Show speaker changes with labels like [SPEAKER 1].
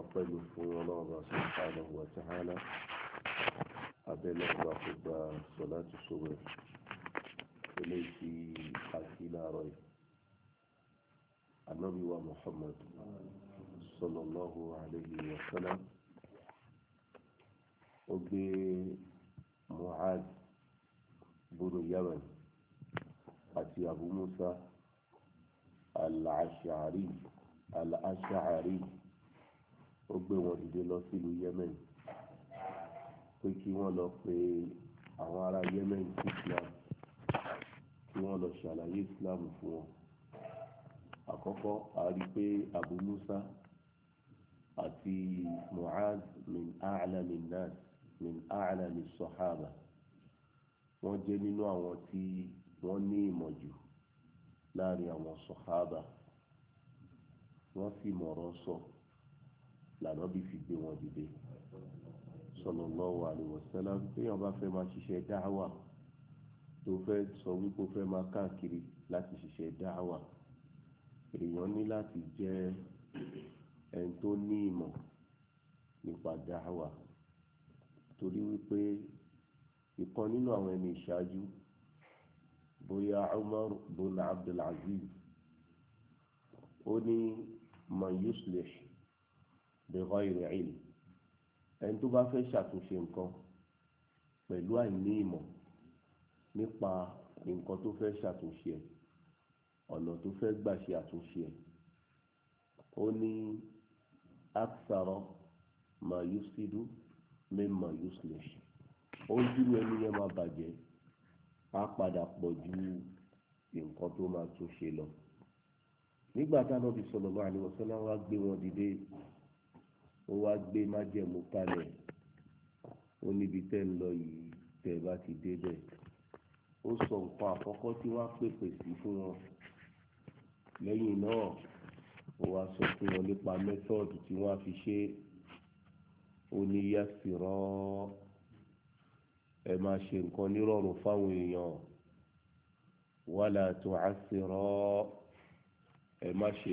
[SPEAKER 1] ọpẹ́lú fún ọlọ́run subhanahu wa ta'ala abẹ́lẹ̀ ọba kó gba sọ̀láàtì sọ̀rọ̀ eléyìí tí a kí láàárọ̀ yìí anábì wa Muhammad sallallahu alayhi wa sallam ó gbé Mu'adh bùrù Yaman àti Abu Musa al-Ash'ari al-Ash'ari. ó gbé wọn dìde lọ sílùú Yemen pé kí wọ́n lọ pe àwọn ará Yemen sí Islam kí wọ́n lọ ṣàlàyé Islam fún wọn àkọ́kọ́ a rí pé Abu Musa àti Mu'az min a'lami nas min a'lami sahaba wọ́n jẹ́ nínú àwọn tí wọ́n ní ìmọ̀ jù láàrin àwọn sahaba wọ́n sì mọ̀rọ̀ sọ. So lànà bí fi gbé wọn dìde sallallahu alaihi wasallam téèyàn bá fẹ́ máa ṣiṣẹ́ dáhàwà tó fẹ́ sọ wípé ó fẹ́ máa káàkiri láti ṣiṣẹ́ dáhàwà èèyàn ní láti jẹ́ ẹni tó ní ìmọ̀ nípa dáhàwà torí wípé ìkan nínú àwọn ẹni ìṣáájú bóyá Umar bin Abdul ó ní man yuslih bẹ̀rọ ìrìn ẹni tó bá fẹ́ ṣàtúnṣe nǹkan pẹ̀lú àìní ìmọ̀ nípa nǹkan tó fẹ́ ṣàtúnṣe ẹ̀ ọ̀nà tó fẹ́ gbà ṣe àtúnṣe ẹ̀ ó ní aksarọ mayusidu memayusle ó ń dúró ẹni yẹn máa bàjẹ́ á padà pọ̀ ju nǹkan tó máa tún lọ nígbà táwọn bí sọlọ bá àlè wọ́n gbé wọn dìde ó wá gbé májẹ̀mú kalẹ̀ ó níbi tẹ́ ń lọ yìí tẹ́ ẹ bá ti débẹ̀ ó sọ nǹkan àkọ́kọ́ tí wọ́n á pèpè sí fún wọn lẹ́yìn náà ó wá sọ fún wọn nípa mẹ́tọ́ọ̀dù tí wọ́n á fi ṣe ó ní yásìrọ́ ẹ máa ṣe nǹkan nírọ̀rùn fáwọn èèyàn wàlà tó àṣìrọ́ ẹ má ṣe.